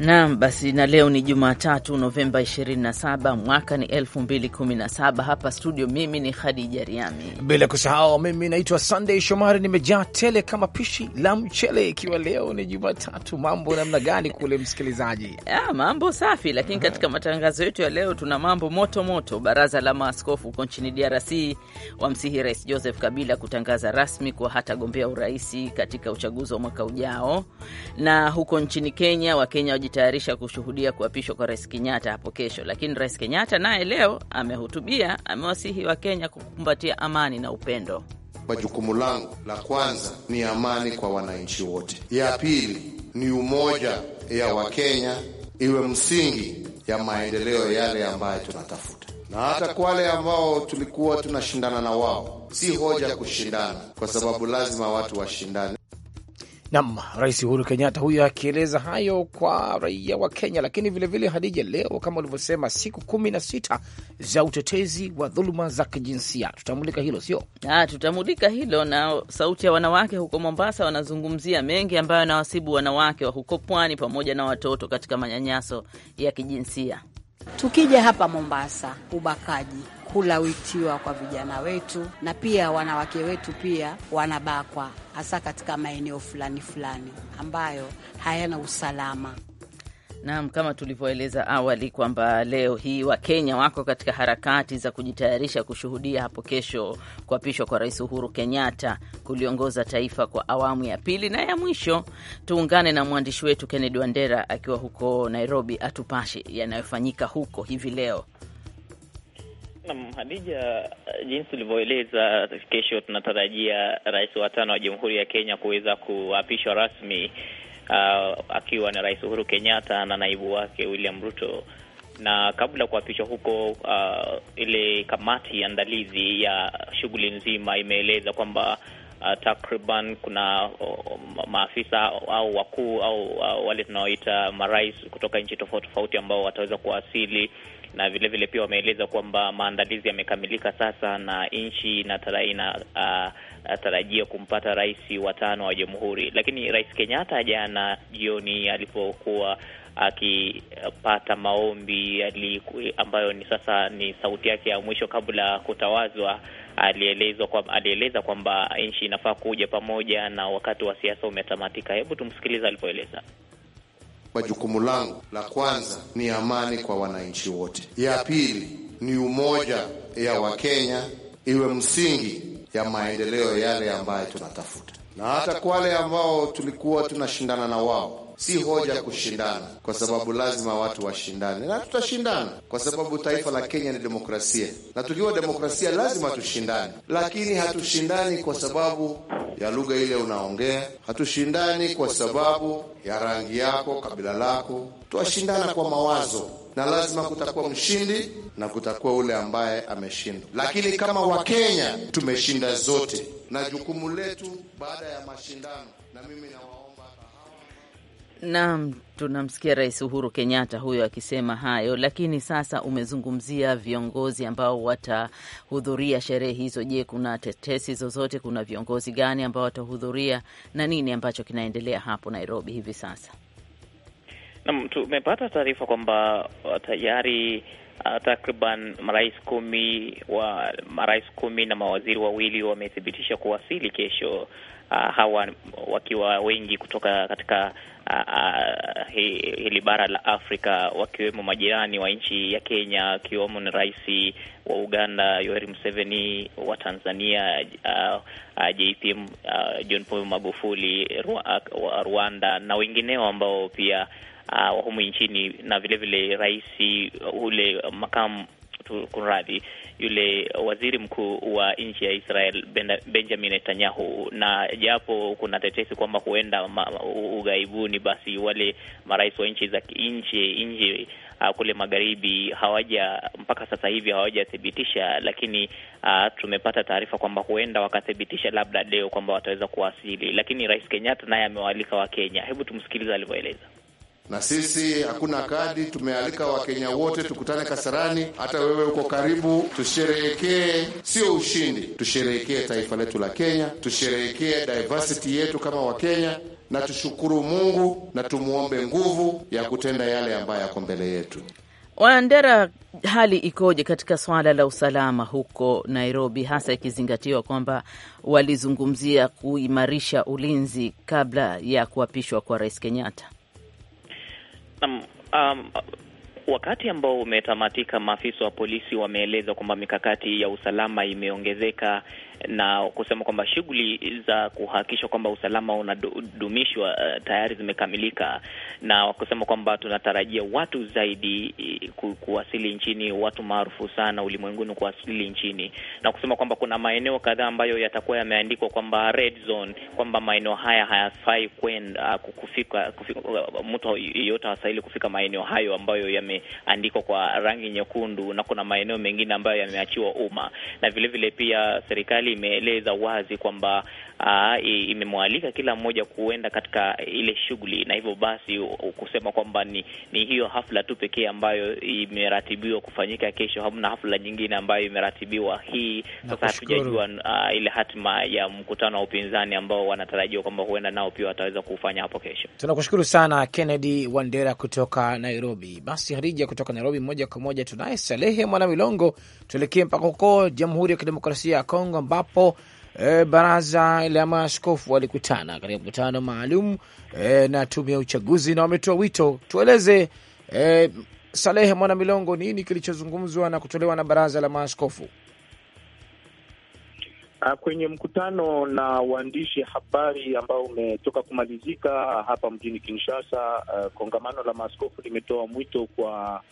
Naam, basi na leo ni Jumatatu, Novemba 27 mwaka ni 2017. Hapa studio mimi ni Khadija Riami, bila kusahau mimi naitwa Sunday Shomari, nimejaa tele kama pishi la mchele, ikiwa leo ni Jumatatu. Mambo namna gani kule msikilizaji? Ya, ah, mambo safi, lakini Katika matangazo yetu ya leo tuna mambo moto moto. Baraza la maaskofu huko nchini DRC wamsihi Rais Joseph Kabila kutangaza rasmi kuwa hatagombea uraisi katika uchaguzi wa mwaka ujao, na huko nchini Kenya Wakenya kujitayarisha kushuhudia kuapishwa kwa Rais Kenyatta hapo kesho, lakini Rais Kenyatta naye leo amehutubia, amewasihi Wakenya kukumbatia amani na upendo. Kwa jukumu langu la kwanza ni amani kwa wananchi wote, ya pili ni umoja ya Wakenya iwe msingi ya maendeleo yale ambayo tunatafuta, na hata kwa wale ambao tulikuwa tunashindana na wao, si hoja kushindana, kwa sababu lazima watu washindane. Nam Rais Uhuru Kenyatta huyo akieleza hayo kwa raia wa Kenya. Lakini vilevile, Hadija, leo kama ulivyosema, siku kumi na sita za utetezi wa dhuluma za kijinsia, tutamulika hilo sio? Ah, tutamulika hilo, na sauti ya wanawake huko Mombasa wanazungumzia mengi ambayo yanawasibu wanawake wa huko pwani pamoja na watoto katika manyanyaso ya kijinsia. Tukija hapa Mombasa, ubakaji kulawitiwa kwa vijana wetu, na pia wanawake wetu pia wanabakwa, hasa katika maeneo fulani fulani ambayo hayana usalama. Naam, kama tulivyoeleza awali kwamba leo hii Wakenya wako katika harakati za kujitayarisha kushuhudia hapo kesho kuapishwa kwa Rais Uhuru Kenyatta kuliongoza taifa kwa awamu ya pili na ya mwisho. Tuungane na mwandishi wetu Kennedy Wandera akiwa huko Nairobi, atupashe yanayofanyika huko hivi leo Naam, Hadija, jinsi ulivyoeleza, kesho tunatarajia rais wa tano wa Jamhuri ya Kenya kuweza kuapishwa rasmi, uh, akiwa ni Rais Uhuru Kenyatta na naibu wake William Ruto na kabla kuapishwa huko, uh, ile kamati andalizi ya shughuli nzima imeeleza kwamba uh, takriban kuna uh, maafisa au wakuu au uh, wale tunaoita marais kutoka nchi tofauti tofauti ambao wataweza kuwasili na vilevile vile pia wameeleza kwamba maandalizi yamekamilika sasa na nchi tarajia kumpata rais wa tano wa jamhuri. Lakini Rais Kenyatta jana jioni alipokuwa akipata maombi ambayo ni sasa ni sauti yake ya mwisho kabla kutawazwa, alielezwa kwa, alieleza kwamba nchi inafaa kuja pamoja na wakati wa siasa umetamatika. Hebu tumsikilize alipoeleza kwa jukumu langu la kwanza ni amani kwa wananchi wote, ya pili ni umoja ya Wakenya iwe msingi ya maendeleo yale ambayo tunatafuta, na hata kwa wale ambao tulikuwa tunashindana na wao si hoja kushindana, kwa sababu lazima watu washindane, na tutashindana kwa sababu taifa la Kenya ni demokrasia, na tukiwa demokrasia lazima tushindane, lakini hatushindani kwa sababu ya lugha ile unaongea, hatushindani kwa sababu ya rangi yako, kabila lako. Twashindana kwa mawazo, na lazima kutakuwa mshindi na kutakuwa ule ambaye ameshindwa. Lakini kama Wakenya tumeshinda zote, na jukumu letu baada ya mashindano, na mimi na Naam, tunamsikia Rais Uhuru Kenyatta huyo akisema hayo. Lakini sasa umezungumzia viongozi ambao watahudhuria sherehe hizo. Je, kuna tetesi zozote? Kuna viongozi gani ambao watahudhuria na nini ambacho kinaendelea hapo Nairobi hivi sasa? Naam, tumepata taarifa kwamba uh, tayari uh, takriban marais kumi wa marais kumi na mawaziri wawili wamethibitisha kuwasili kesho uh, hawa wakiwa wengi kutoka katika Uh, hili bara la Afrika wakiwemo majirani wa nchi ya Kenya, akiwemo ni rais wa Uganda Yoweri Museveni, wa Tanzania uh, uh, JPM uh, John Pombe Magufuli wa Rwanda na wengineo ambao pia uh, humu nchini na vilevile rais ule makamu kunradhi, yule waziri mkuu wa nchi ya Israel Benjamin Netanyahu, na japo kuna tetesi kwamba huenda ughaibuni, basi wale marais wa nchi za nje nje ah, kule magharibi hawaja mpaka sasa hivi hawajathibitisha, lakini uh, tumepata taarifa kwamba huenda wakathibitisha labda leo kwamba wataweza kuwasili. Lakini Rais Kenyatta naye amewaalika Wakenya. Hebu tumsikilize alivyoeleza na sisi hakuna kadi. Tumealika Wakenya wote tukutane Kasarani, hata wewe uko karibu, tusherehekee sio ushindi, tusherehekee taifa letu la Kenya, tusherehekee diversity yetu kama Wakenya na tushukuru Mungu na tumwombe nguvu ya kutenda yale ambayo yako mbele yetu. Wandera, hali ikoje katika swala la usalama huko Nairobi, hasa ikizingatiwa kwamba walizungumzia kuimarisha ulinzi kabla ya kuapishwa kwa Rais Kenyatta? them um, Wakati ambao umetamatika, maafisa wa polisi wameeleza kwamba mikakati ya usalama imeongezeka na kusema kwamba shughuli za kuhakikisha kwamba usalama unadumishwa uh, tayari zimekamilika, na kusema kwamba tunatarajia watu zaidi eh, ku, kuwasili nchini, watu maarufu sana ulimwenguni kuwasili nchini, na kusema kwamba kuna maeneo kadhaa ambayo yatakuwa yameandikwa kwamba red zone, kwamba maeneo haya hayafai kwenda kufika, kufika, mtu yeyote hastahili kufika maeneo hayo ambayo yame yameandikwa kwa rangi nyekundu na kuna maeneo mengine ambayo yameachiwa umma, na vilevile vile pia serikali imeeleza wazi kwamba Ah, imemwalika kila mmoja kuenda katika ile shughuli, na hivyo basi kusema kwamba ni, ni hiyo hafla tu pekee ambayo imeratibiwa kufanyika kesho, hamna hafla nyingine ambayo imeratibiwa hii. Sasa hatujajua uh, ile hatima ya mkutano wa upinzani ambao wanatarajiwa kwamba huenda nao pia wataweza kufanya hapo kesho. Tunakushukuru sana Kennedy Wandera kutoka Nairobi. Basi Hadija kutoka Nairobi, moja kwa moja tunaye Salehe Mwanamilongo, tuelekee mpaka huko Jamhuri ya Kidemokrasia ya Kongo ambapo e, baraza la maaskofu walikutana katika mkutano maalum e, na tume ya uchaguzi na wametoa wito. Tueleze e, Salehe Mwana Milongo, nini kilichozungumzwa na kutolewa na baraza la maaskofu kwenye mkutano na waandishi habari ambao umetoka kumalizika hapa mjini Kinshasa? Uh, kongamano la maaskofu limetoa mwito kwa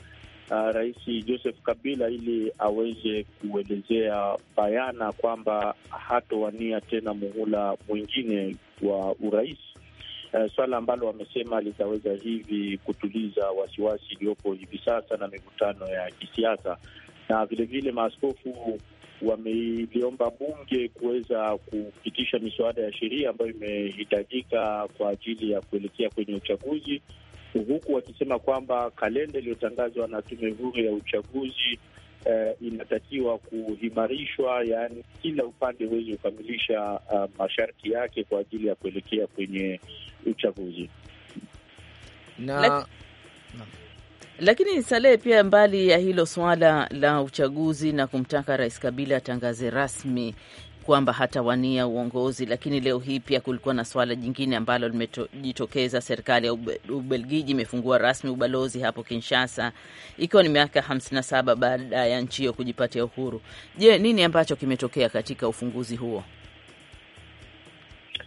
uh, Rais Joseph Kabila ili aweze kuelezea bayana kwamba hatowania tena muhula mwingine wa urais. Uh, swala ambalo amesema litaweza hivi kutuliza wasiwasi iliyopo hivi sasa na mivutano ya kisiasa na vilevile maaskofu wameliomba bunge kuweza kupitisha miswada ya sheria ambayo imehitajika kwa ajili ya kuelekea kwenye uchaguzi, huku wakisema kwamba kalenda iliyotangazwa na tume huru ya uchaguzi eh, inatakiwa kuhimarishwa yaani kila upande uweze kukamilisha uh, masharti yake kwa ajili ya kuelekea kwenye uchaguzi na... Lakini Salehe, pia mbali ya hilo suala la uchaguzi na kumtaka Rais Kabila atangaze rasmi kwamba hatawania uongozi, lakini leo hii pia kulikuwa na swala jingine ambalo limejitokeza. Serikali ya Ubelgiji imefungua rasmi ubalozi hapo Kinshasa, ikiwa ni miaka 57 baada ya nchi hiyo kujipatia uhuru. Je, nini ambacho kimetokea katika ufunguzi huo?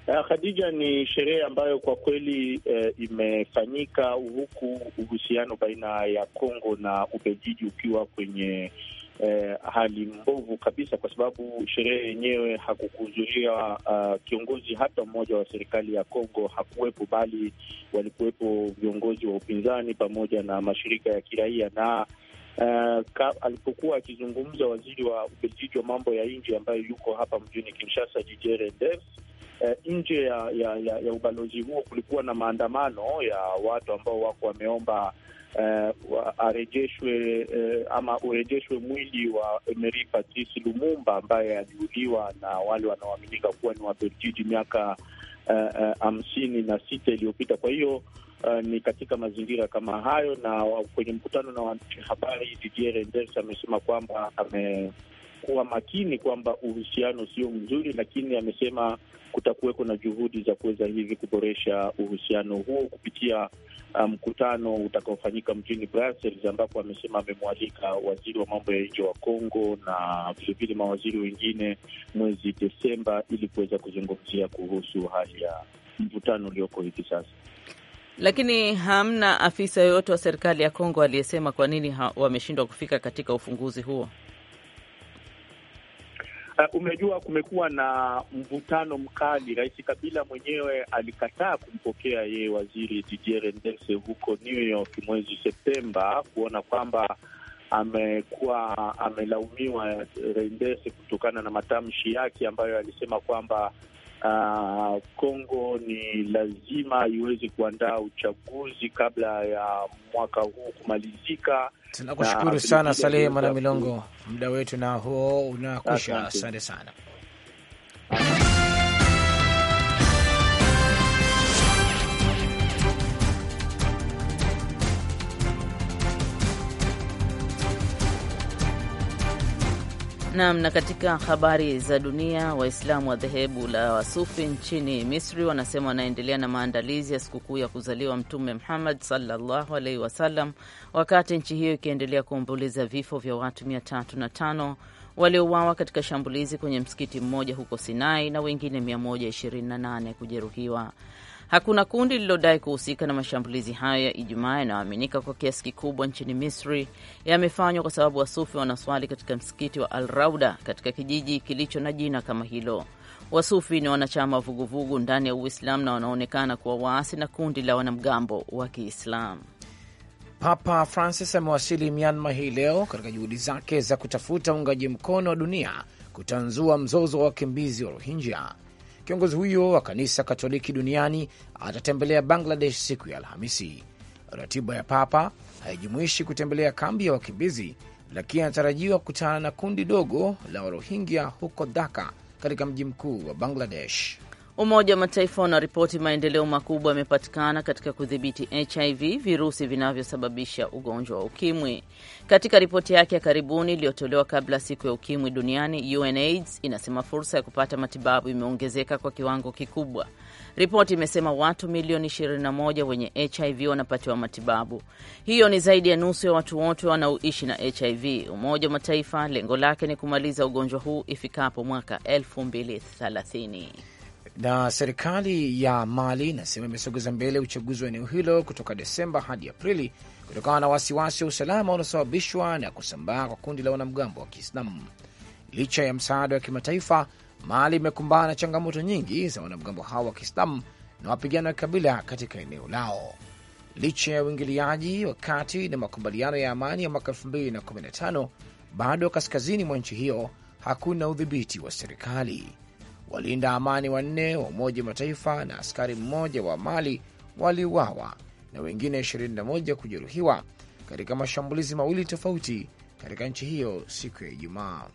Uh, Khadija, ni sherehe ambayo kwa kweli uh, imefanyika huku uhusiano baina ya Kongo na Ubelgiji ukiwa kwenye uh, hali mbovu kabisa, kwa sababu sherehe yenyewe hakukuhudhuria uh, kiongozi hata mmoja wa serikali ya Kongo hakuwepo, bali walikuwepo viongozi wa upinzani pamoja na mashirika ya kiraia na Uh, ka, alipokuwa akizungumza waziri wa Ubelgiji wa mambo ya nje ambayo yuko hapa mjini Kinshasa, Didier Reynders eh, nje ya, ya, ya, ya ubalozi huo kulikuwa na maandamano ya watu ambao wako wameomba eh, arejeshwe eh, ama urejeshwe mwili wa Emery Patrice Lumumba ambaye aliuliwa na wale wanaoaminika kuwa ni Wabeljiji miaka hamsini eh, eh, na sita iliyopita. Kwa hiyo Uh, ni katika mazingira kama hayo, na kwenye mkutano na wanahabari Didier Reynders amesema kwamba ame kuwa makini kwamba uhusiano sio mzuri, lakini amesema kutakuweko na juhudi za kuweza hivi kuboresha uhusiano huo kupitia uh, mkutano um, utakaofanyika mjini Brussels, ambapo amesema amemwalika waziri wa mambo ya nje wa congo na vilevile mawaziri wengine mwezi Desemba ili kuweza kuzungumzia kuhusu hali ya mvutano ulioko hivi sasa. Lakini hamna afisa yoyote wa serikali ya Kongo aliyesema kwa nini wameshindwa kufika katika ufunguzi huo. Uh, umejua kumekuwa na mvutano mkali. Rais Kabila mwenyewe alikataa kumpokea yeye waziri Didier Ndese huko New York mwezi Septemba, kuona kwamba amekuwa amelaumiwa Rendese kutokana na matamshi yake ambayo alisema kwamba Kongo uh, ni lazima iweze kuandaa uchaguzi kabla ya mwaka huu kumalizika Tunakushukuru sana Salehe Mwana Milongo, muda wetu na huo unakwisha. Asante sana. Nam. Na katika habari za dunia, Waislamu wa dhehebu la Wasufi nchini Misri wanasema wanaendelea na maandalizi ya sikukuu ya kuzaliwa Mtume Muhammad sallallahu alaihi wasallam, wakati nchi hiyo ikiendelea kuomboleza vifo vya watu 35 waliowawa waliouawa katika shambulizi kwenye msikiti mmoja huko Sinai na wengine 128 kujeruhiwa. Hakuna kundi lililodai kuhusika na mashambulizi hayo ya Ijumaa yanayoaminika kwa kiasi kikubwa nchini Misri yamefanywa kwa sababu wasufi wanaswali katika msikiti wa Al Rauda katika kijiji kilicho na jina kama hilo. Wasufi ni wanachama wa vuguvugu ndani ya Uislamu na wanaonekana kuwa waasi na kundi la wanamgambo wa Kiislamu. Papa Francis amewasili Myanmar hii leo katika juhudi zake za kutafuta uungaji mkono wa dunia kutanzua mzozo wa wakimbizi wa Rohingya Kiongozi huyo wa kanisa Katoliki duniani atatembelea Bangladesh siku ya Alhamisi. Ratiba ya Papa haijumuishi kutembelea kambi ya wakimbizi, lakini anatarajiwa kukutana na kundi dogo la Warohingya huko Dhaka, katika mji mkuu wa Bangladesh. Umoja wa Mataifa unaripoti maendeleo makubwa yamepatikana katika kudhibiti HIV, virusi vinavyosababisha ugonjwa wa ukimwi. Katika ripoti yake ya karibuni iliyotolewa kabla siku ya ukimwi duniani, UNAIDS inasema fursa ya kupata matibabu imeongezeka kwa kiwango kikubwa. Ripoti imesema watu milioni 21 wenye HIV wanapatiwa matibabu. Hiyo ni zaidi ya nusu ya watu wote wanaoishi na HIV. Umoja wa Mataifa lengo lake ni kumaliza ugonjwa huu ifikapo mwaka 2030. Na serikali ya Mali inasema imesogeza mbele uchaguzi wa eneo hilo kutoka Desemba hadi Aprili kutokana na wasiwasi wa usalama unaosababishwa na kusambaa kwa kundi la wanamgambo wa Kiislamu. Licha ya msaada wa kimataifa, Mali imekumbana na changamoto nyingi za wanamgambo hao wa Kiislamu na wapigano ya kabila katika eneo lao. Licha ya uingiliaji wa kati na makubaliano ya amani ya mwaka 2015 bado kaskazini mwa nchi hiyo hakuna udhibiti wa serikali walinda amani wanne wa Umoja wa Mataifa na askari mmoja wa Mali waliuawa na wengine 21 kujeruhiwa katika mashambulizi mawili tofauti katika nchi hiyo siku ya Ijumaa.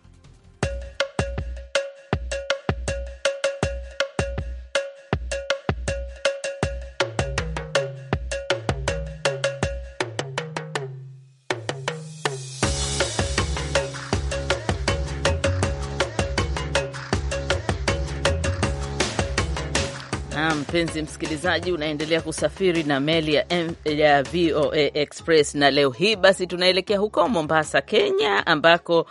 mpenzi msikilizaji, unaendelea kusafiri na meli ya, M, ya VOA Express na leo hii basi tunaelekea huko Mombasa, Kenya, ambako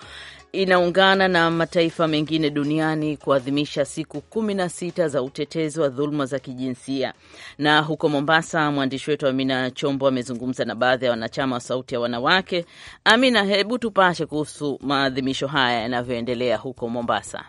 inaungana na mataifa mengine duniani kuadhimisha siku kumi na sita za utetezi wa dhuluma za kijinsia. Na huko Mombasa, mwandishi wetu Amina Chombo amezungumza na baadhi ya wanachama wa Sauti ya Wanawake. Amina, hebu tupashe kuhusu maadhimisho haya yanavyoendelea huko Mombasa.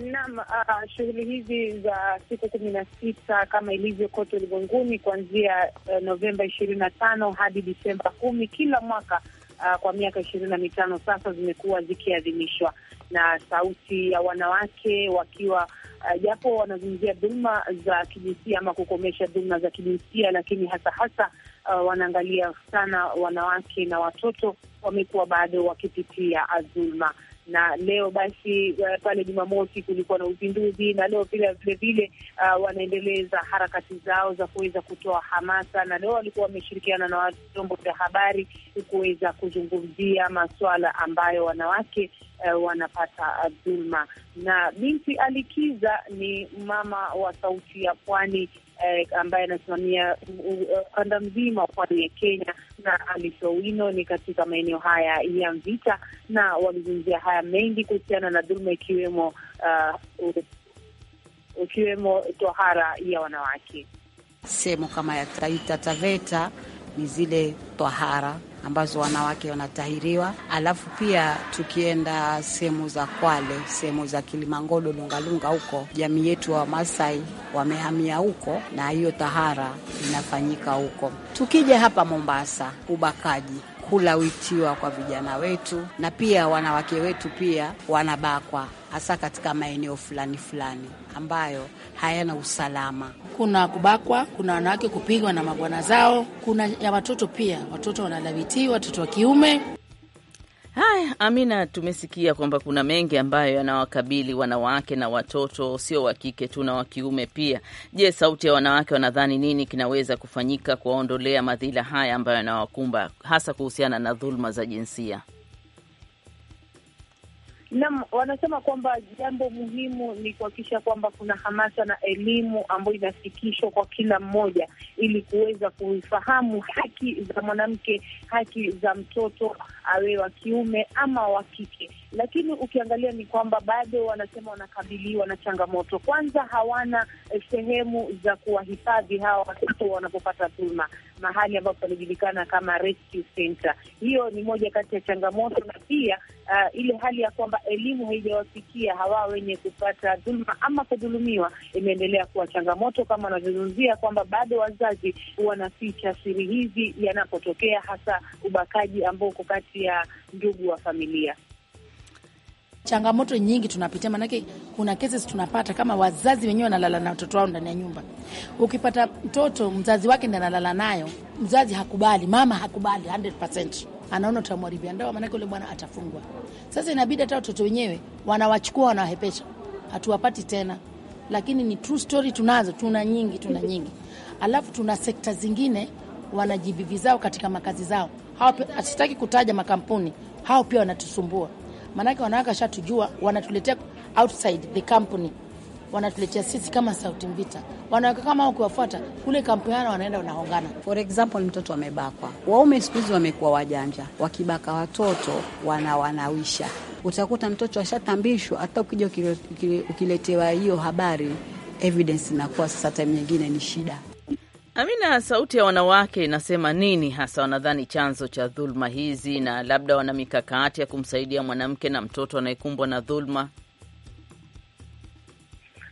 Naam, uh, shughuli hizi za siku kumi na sita kama ilivyo kote ulimwenguni kuanzia uh, Novemba ishirini na tano hadi Disemba kumi kila mwaka uh, kwa miaka ishirini na mitano sasa zimekuwa zikiadhimishwa na Sauti ya Wanawake wakiwa ah, japo uh, wanazungumzia dhuluma za kijinsia ama kukomesha dhuluma za kijinsia, lakini hasa hasa uh, wanaangalia sana wanawake na watoto wamekuwa bado wakipitia dhulma na leo basi uh, pale Jumamosi kulikuwa na uzinduzi, na leo pia vilevile uh, ah, wanaendeleza harakati zao za kuweza kutoa hamasa, na leo walikuwa wameshirikiana na vyombo vya habari kuweza kuzungumzia maswala ambayo wanawake uh, wanapata eh, dhulma. Na binti Alikiza ni mama wa Sauti ya Pwani uh, ambaye anasimamia ukanda uh, mzima wa pwani ya Kenya na Alice Owino ni katika maeneo haya ya Mvita, na walizungumzia haya mengi kuhusiana na dhulma ikiwemo uh, ikiwemo tohara ya wanawake sehemu kama ya Taita Taveta ni zile tahara ambazo wanawake wanatahiriwa. Alafu pia tukienda sehemu za Kwale, sehemu za kilimangodo Lungalunga huko jamii yetu wa Masai wamehamia huko, na hiyo tahara inafanyika huko. Tukija hapa Mombasa, ubakaji kulawitiwa kwa vijana wetu, na pia wanawake wetu pia wanabakwa, hasa katika maeneo fulani fulani ambayo hayana usalama. Kuna kubakwa, kuna wanawake kupigwa na mabwana zao, kuna ya watoto pia, watoto wanalawitiwa, watoto wa kiume. Haya, Amina, tumesikia kwamba kuna mengi ambayo yanawakabili wanawake na watoto, sio wa kike tu na wa kiume pia. Je, sauti ya wanawake wanadhani nini kinaweza kufanyika kuwaondolea madhila haya ambayo yanawakumba hasa kuhusiana na dhuluma za jinsia? Naam, wanasema kwamba jambo muhimu ni kuhakikisha kwamba kuna hamasa na elimu ambayo inafikishwa kwa kila mmoja, ili kuweza kuifahamu haki za mwanamke, haki za mtoto awe wa kiume ama wa kike lakini ukiangalia ni kwamba bado wanasema wanakabiliwa na changamoto. Kwanza hawana eh, sehemu za kuwahifadhi hawa watoto wanapopata dhuluma, mahali ambapo panajulikana kama rescue center. Hiyo ni moja kati ya changamoto, na pia uh, ile hali ya kwamba elimu haijawafikia hawa wenye kupata dhuluma ama kudhulumiwa imeendelea kuwa changamoto, kama wanavyozungumzia kwamba bado wazazi wanaficha siri hizi yanapotokea, hasa ubakaji ambao uko kati ya ndugu wa familia. Changamoto nyingi tunapitia, maanake kuna kesi tunapata kama wazazi wenyewe wanalala na watoto wao ndani ya nyumba. Ukipata mtoto mzazi wake ndiye analala nayo, mzazi hakubali, mama hakubali 100%. Anaona utamwaribia ndoa, maanake yule bwana atafungwa. Sasa inabidi hata watoto wenyewe wanawachukua, wanawahepesha, hatuwapati tena. Lakini ni true story, tunazo, tuna nyingi, tuna nyingi. Alafu tuna sekta zingine wanajibivi zao katika makazi zao, hao sitaki kutaja makampuni, hao pia wanatusumbua maanake wanawake washatujua, wanatuletea outside the company, wanatuletea sisi kama Sauti Mvita. Wanawake kama ukiwafuata kule kampuni wanaenda wanaongana. For example, mtoto amebakwa, waume siku hizi wamekuwa wajanja, wakibaka watoto wanawanawisha. Utakuta mtoto ashatambishwa, hata ukija ukiletewa hiyo habari evidence inakuwa sasa time nyingine ni shida. Amina, sauti ya wanawake inasema nini hasa? Wanadhani chanzo cha dhuluma hizi, na labda wana mikakati ya kumsaidia mwanamke na mtoto anayekumbwa na dhuluma.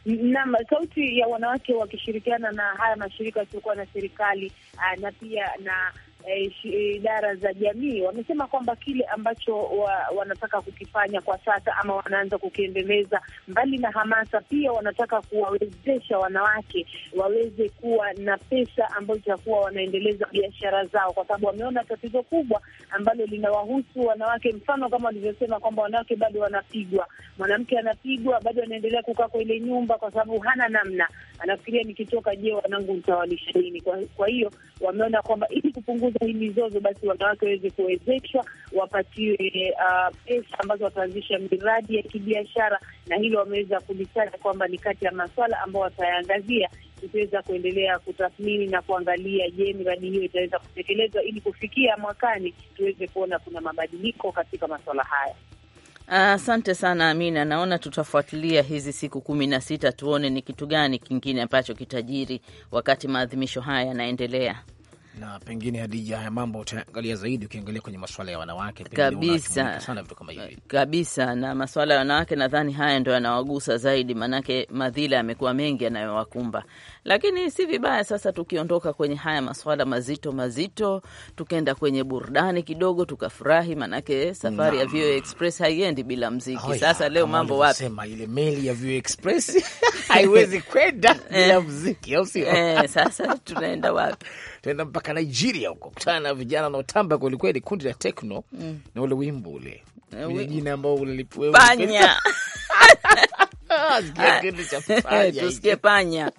Naam, sauti ya wanawake wakishirikiana na haya mashirika yasiokuwa na serikali ah, na pia na Eh, idara za jamii wamesema kwamba kile ambacho wa, wanataka kukifanya kwa sasa ama wanaanza kukiendeleza, mbali na hamasa, pia wanataka kuwawezesha wanawake waweze kuwa na pesa ambayo itakuwa wanaendeleza biashara zao, kwa sababu wameona tatizo kubwa ambalo linawahusu wanawake, mfano kama walivyosema kwamba wanawake bado wanapigwa, mwanamke anapigwa, bado anaendelea kukaa kwa ile nyumba kwa sababu hana namna anafikiria nikitoka, je, wanangu nitawalisha nini? Kwa, kwa hiyo wameona kwamba ili kupunguza hii mizozo, basi wanawake waweze kuwezeshwa, wapatiwe uh, pesa ambazo wataanzisha miradi ya kibiashara, na hilo wameweza kulitaja kwamba ni kati ya maswala ambayo watayaangazia tutaweza kuendelea kutathmini na kuangalia, je, miradi hiyo itaweza kutekelezwa ili kufikia mwakani tuweze kuona kuna mabadiliko katika maswala haya. Asante sana Amina, naona tutafuatilia hizi siku kumi na sita tuone ni kitu gani kingine ambacho kitajiri wakati maadhimisho haya yanaendelea na pengine Hadija, haya mambo utaangalia zaidi ukiangalia kwenye masuala ya wanawake kabisa sana, vitu kama hivi kabisa. Na masuala ya wanawake nadhani haya ndo yanawagusa zaidi, maanake madhila yamekuwa mengi yanayowakumba. Lakini si vibaya sasa tukiondoka kwenye haya masuala mazito mazito, tukaenda kwenye burudani kidogo, tukafurahi, maanake safari na ya VOA Express haiendi bila mziki. Oh, sasa ya, leo mambo wapi? Sema ile meli ya VOA Express haiwezi kwenda eh. bila mziki, au sio? Eh, sasa tunaenda wapi? tunaenda mpaka mpaka Nigeria huko, kutana na vijana wanaotamba kwelikweli, kundi la tekno mm. na ule wimbo ule eh, wenye jina ambao ulipanya eh, tusikie panya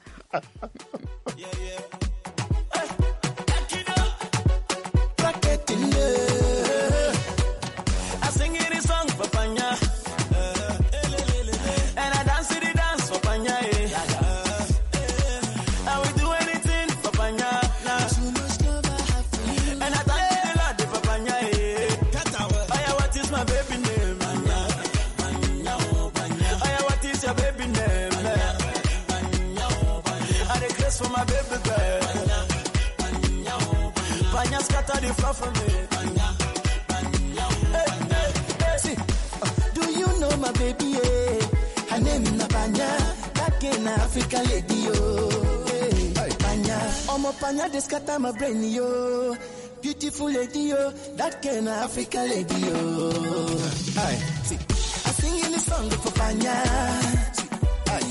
again na africa lady yo hey. Eh. panya ọmọ panya dey scatter my brain yo beautiful lady yo that girl na africa lady yo. Hey. See, I sing this song for panya hey.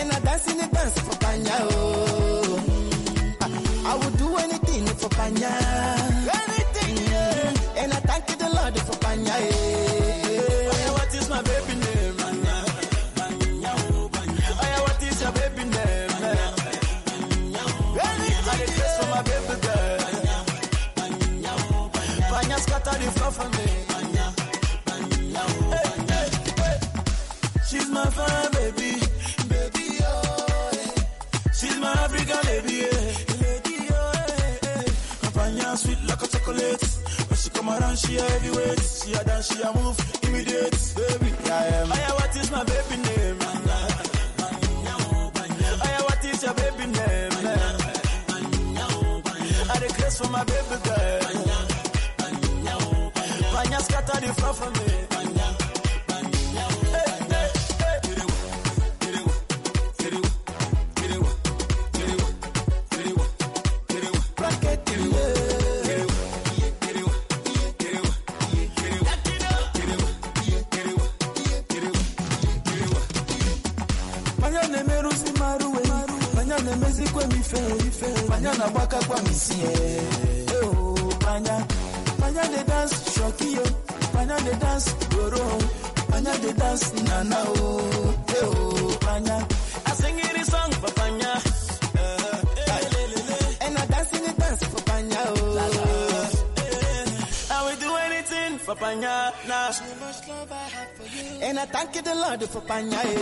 and I dance in the dance for panya oh. I, I would do anything for panya. date. She a dance, she a move, immediate, baby. I am. Aya, what is my baby name? Aya, what is your baby name? I request for my baby girl. Panya scatter the floor from me. for Panyana. So much love I have for you. And I thank you the Lord for panya. Panyana.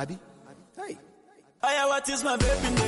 Eh, eh. Abi? Hey. Hey, what is my baby?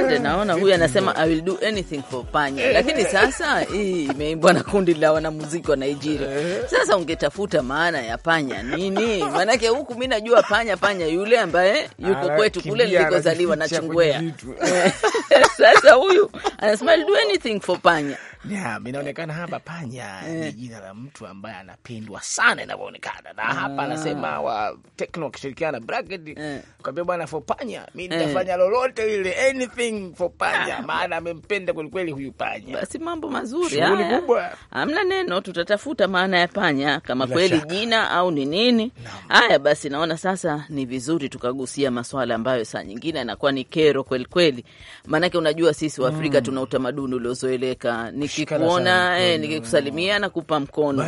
Asante, eh, naona huyu anasema I will do anything for panya, lakini sasa hii imeimbwa na kundi la wanamuziki wa Nigeria. Eh. Sasa ungetafuta maana ya panya nini? Maanake huku mi najua panya, panya yule ambaye yuko kwetu kule nilikozaliwa na Chungwea Sasa huyu anasema do anything for panya. Yeah, inaonekana hapa panya eh. ni jina la mtu ambaye anapendwa sana inavyoonekana na hapa anasema ah. wa Tekno akishirikiana na Bracket eh. kwambia bwana for panya mi eh. nitafanya lolote ile, anything for panya ah. maana amempenda kwelikweli huyu panya. Basi mambo mazuri ah. kubwa, hamna neno, tutatafuta maana ya panya kama kweli jina au ni nini. Haya basi, naona sasa ni vizuri tukagusia maswala ambayo saa nyingine anakuwa ni kero kwelikweli maanake unajua sisi Waafrika mm. tuna utamaduni uliozoeleka, nikikuona eh, mm. nikikusalimia nakupa eh, eh, eh, mkono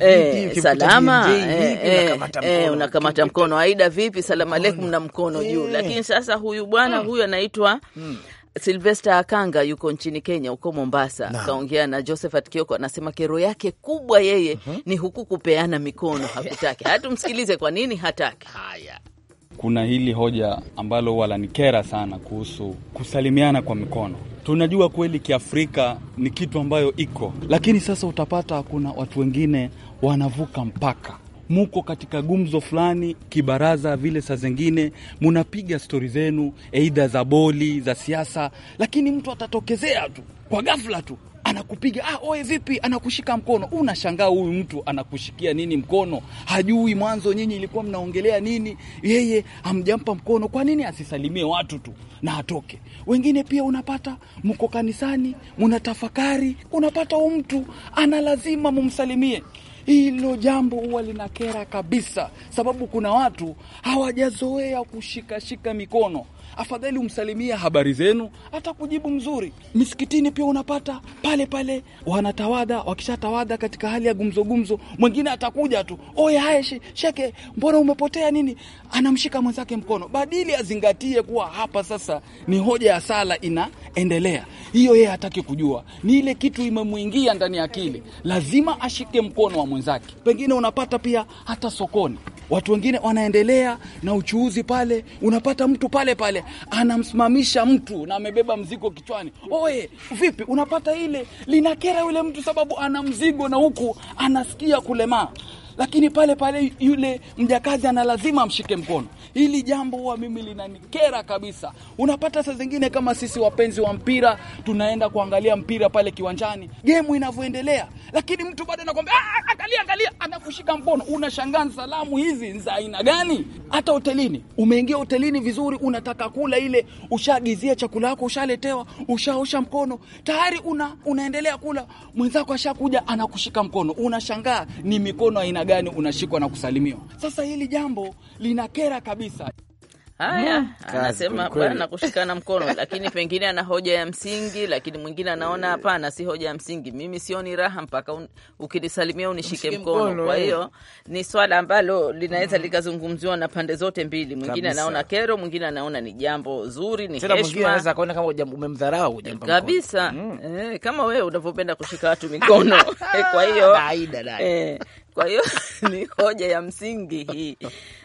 eh, salama eh, eh, eh, unakamata mkono. Aida vipi, salamu aleikum na mkono juu eh. Lakini sasa huyu bwana mm. huyu anaitwa mm. Silvester Akanga yuko nchini Kenya, huko Mombasa, akaongea na Josephat Kioko, anasema kero yake kubwa yeye mm -hmm. ni huku kupeana mikono hakutaki. Hatumsikilize kwa nini hataki. Haya kuna hili hoja ambalo lanikera sana kuhusu kusalimiana kwa mikono. Tunajua kweli Kiafrika ni kitu ambayo iko, lakini sasa utapata kuna watu wengine wanavuka mpaka muko katika gumzo fulani kibaraza vile, saa zingine munapiga stori zenu, eidha za boli za siasa, lakini mtu atatokezea tu kwa ghafla tu anakupiga ah, oe vipi, anakushika mkono. Unashangaa huyu mtu anakushikia nini mkono? Hajui mwanzo nyinyi ilikuwa mnaongelea nini, yeye amjampa mkono. Kwa nini asisalimie watu tu na atoke? Wengine pia unapata mko kanisani, tafakari unapata huyu mtu ana lazima mumsalimie. Hilo jambo huwa linakera kabisa, sababu kuna watu hawajazoea kushikashika mikono afadhali umsalimia habari zenu, atakujibu mzuri. Misikitini pia unapata pale pale, wanatawadha. Wakishatawadha katika hali ya gumzogumzo, mwingine atakuja tu oye, haya sheke, mbona umepotea nini? anamshika mwenzake mkono, badili azingatie kuwa hapa sasa ni hoja ya sala inaendelea. Hiyo yeye hataki kujua, ni ile kitu imemwingia ndani ya akili, lazima ashike mkono wa mwenzake. Pengine unapata pia hata sokoni watu wengine wanaendelea na uchuuzi pale, unapata mtu pale pale anamsimamisha mtu na amebeba mzigo kichwani. Oye, vipi? Unapata ile linakera yule mtu, sababu ana mzigo na huku anasikia kulemaa lakini pale pale yule mjakazi ana lazima amshike mkono. Hili jambo huwa mimi linanikera kabisa. Unapata saa zingine kama sisi wapenzi wa mpira tunaenda kuangalia mpira pale kiwanjani, gemu inavyoendelea, lakini mtu bado anakwambia ah, ah, angalia, angalia, anakushika mkono. Unashangaa, salamu hizi ni za aina gani? Hata hotelini, umeingia hotelini vizuri, unataka kula ile, ushaagizia chakula yako, ushaletewa, ushaosha mkono tayari, una unaendelea kula, mwenzako ashakuja anakushika mkono, unashangaa ni mikono aina gani unashikwa na kusalimiwa. Sasa hili jambo linakera kabisa. Haya, mm. anasema bwana kushikana mkono, lakini pengine ana hoja ya msingi, lakini mwingine anaona hapana, si hoja ya msingi. Mimi sioni raha mpaka un, ukinisalimia unishike mkono. Kwa eh. hiyo ni swala ambalo linaweza mm. likazungumziwa na pande zote mbili. Mwingine anaona kero, mwingine anaona ni jambo zuri, ni heshima kabisa, mm. Eh, kama wewe unavyopenda kushika watu mikono eh, kwa hiyo eh, kwa hiyo ni hoja ya msingi hii.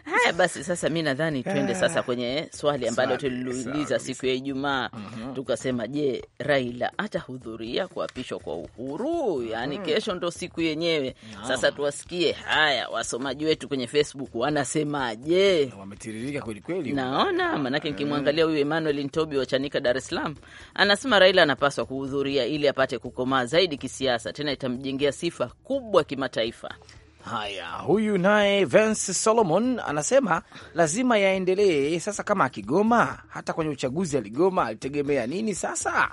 Haya basi, sasa mi nadhani tuende sasa eh. kwenye swali ambalo tuliuliza siku ya Ijumaa mm -hmm. Tukasema, je, Raila atahudhuria kuapishwa kwa Uhuru? Yaani mm. Kesho ndo siku yenyewe no. Sasa tuwasikie haya wasomaji wetu kwenye Facebook wanasemaje? Wametiririka kweli kweli, naona manake eh. nkimwangalia huyu Emmanuel Ntobi wa Chanika, Dar es Salaam, anasema Raila anapaswa kuhudhuria ili apate kukomaa zaidi kisiasa, tena itamjengea sifa kubwa kimataifa. Haya, huyu naye Vance Solomon anasema lazima yaendelee. Sasa kama akigoma, hata kwenye uchaguzi aligoma, alitegemea nini sasa?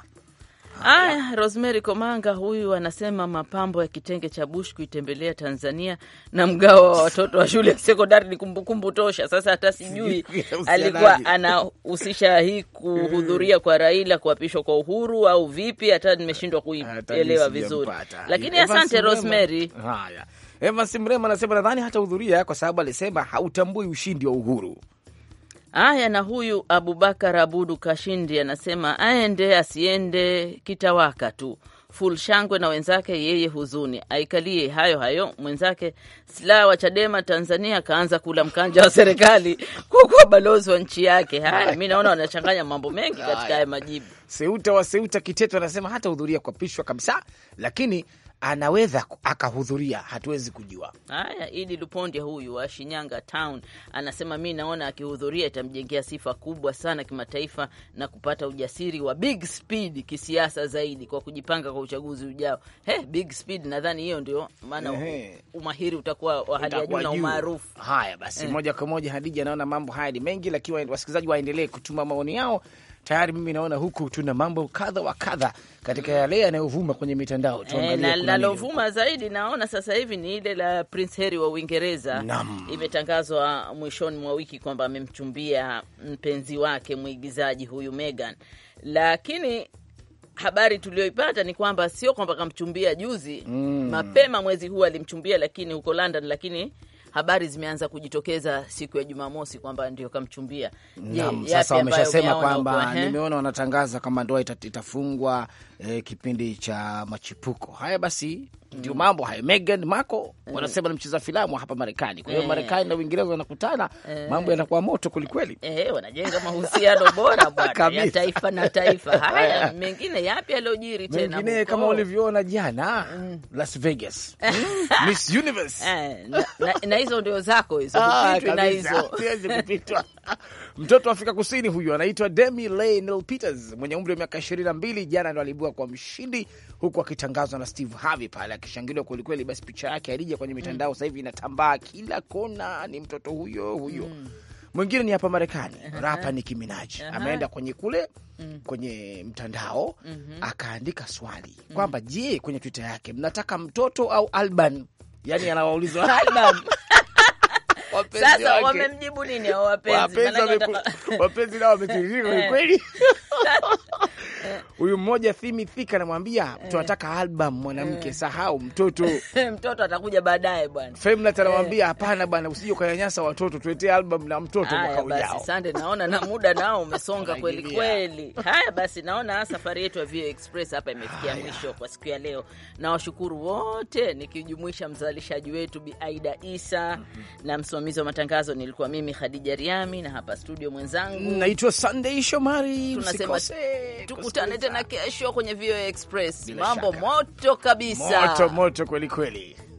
Aya, ah, Rosemary Komanga huyu anasema mapambo ya kitenge cha Bush kuitembelea Tanzania na mgawa wa watoto wa shule ya sekondari ni kumbukumbu tosha. Sasa hata sijui alikuwa anahusisha hii kuhudhuria kwa Raila kuapishwa kwa Uhuru au vipi, hata nimeshindwa kuielewa vizuri, lakini asante Rosemary. Haya. Eva Simrema anasema nadhani hatahudhuria kwa sababu alisema hautambui ushindi wa Uhuru. Aya, na huyu Abubakar Abudu Kashindi anasema aende asiende, kitawaka tu ful shangwe na wenzake, yeye huzuni aikalie hayo hayo. Mwenzake silaha wa Chadema Tanzania akaanza kula mkanja wa serikali kukuwa balozi wa nchi yake. Haya, mi naona wanachanganya mambo mengi katika haya majibu. Seuta wa Seuta Kiteto anasema hata hudhuria kuapishwa kabisa, lakini anaweza akahudhuria, hatuwezi kujua. Haya, Idi Luponde huyu wa Shinyanga Town anasema mi naona akihudhuria itamjengea sifa kubwa sana kimataifa na kupata ujasiri wa big speed kisiasa zaidi kwa kujipanga kwa uchaguzi ujao. He, big speed nadhani hiyo ndio maana umahiri utakuwa wa hali ya juu na umaarufu. Haya basi, eh. moja kwa moja Hadija, naona mambo haya ni mengi, lakini wasikilizaji waendelee kutuma maoni yao tayari mimi naona huku tuna mambo kadha wa kadha katika yale yanayovuma kwenye mitandao e, na lalovuma zaidi naona sasa hivi ni ile la Prince Harry wa Uingereza. Imetangazwa mwishoni mwa wiki kwamba amemchumbia mpenzi wake mwigizaji huyu Meghan, lakini habari tuliyoipata ni kwamba sio kwamba kamchumbia juzi mm. Mapema mwezi huu alimchumbia, lakini huko London, lakini habari zimeanza kujitokeza siku ya Jumamosi kwamba ndio kamchumbia. Sasa wameshasema kwamba nimeona wanatangaza kama ndoa itafungwa eh, kipindi cha machipuko. Haya basi ndio mambo hayo. Meghan Markle eh. wanasema ni mcheza filamu hapa Marekani, kwa hiyo eh. Marekani na Uingereza wanakutana, eh. mambo yanakuwa moto kwelikweli. Eh, wanajenga mahusiano bora bwana ya taifa na taifa. Haya, mengine yapi yaliyojiri tena? Mengine kama ulivyoona jana mm. Las Vegas Miss Universe, na hizo ndio zako hizo, ah, kupitwa na hizo siwezi kupitwa. Mtoto wa Afrika Kusini huyu anaitwa Demi Laney Peters mwenye umri wa miaka na mbili jana ndo aliibuka kwa mshindi huku akitangazwa na Steve Harvey pale akishangiliwa kwelikweli. Basi picha yake alija kwenye mitandao mm. sasa hivi inatambaa kila kona, ni mtoto huyo huyo mm. Mwingine ni hapa Marekani, uh -huh. Rapa Nicki Minaj uh -huh. ameenda kwenye kule mm. kwenye mtandao mm -hmm. akaandika swali mm. kwamba je, kwenye Twitter yake mnataka mtoto au Alban? Yani anawaulizwa Alban Sasa wamemjibu nini wapenzi? Wapenzi nao wametiririka kweli. Eh. Huyu mmoja Thimi Thika anamwambia eh. tunataka album mwanamke, eh. sahau mtoto mtoto atakuja baadaye bwana. Femnat anamwambia eh. hapana bwana, usije ukanyanyasa watoto, tuletee album na mtoto mwaka ujao. Asante, naona na muda nao umesonga kweli kweli. Haya basi, naona safari yetu ya VOA Express hapa imefikia mwisho kwa siku ya leo. Nawashukuru wote nikijumuisha mzalishaji wetu Bi Aida Isa mhm. na msimamizi wa matangazo nilikuwa mimi Khadija Riami, na hapa studio mwenzangu naitwa Sunday Shomari. Tunasema tukutane tukutane tena kesho kwenye VOA Express. Mambo moto kabisa, moto moto kweli kweli.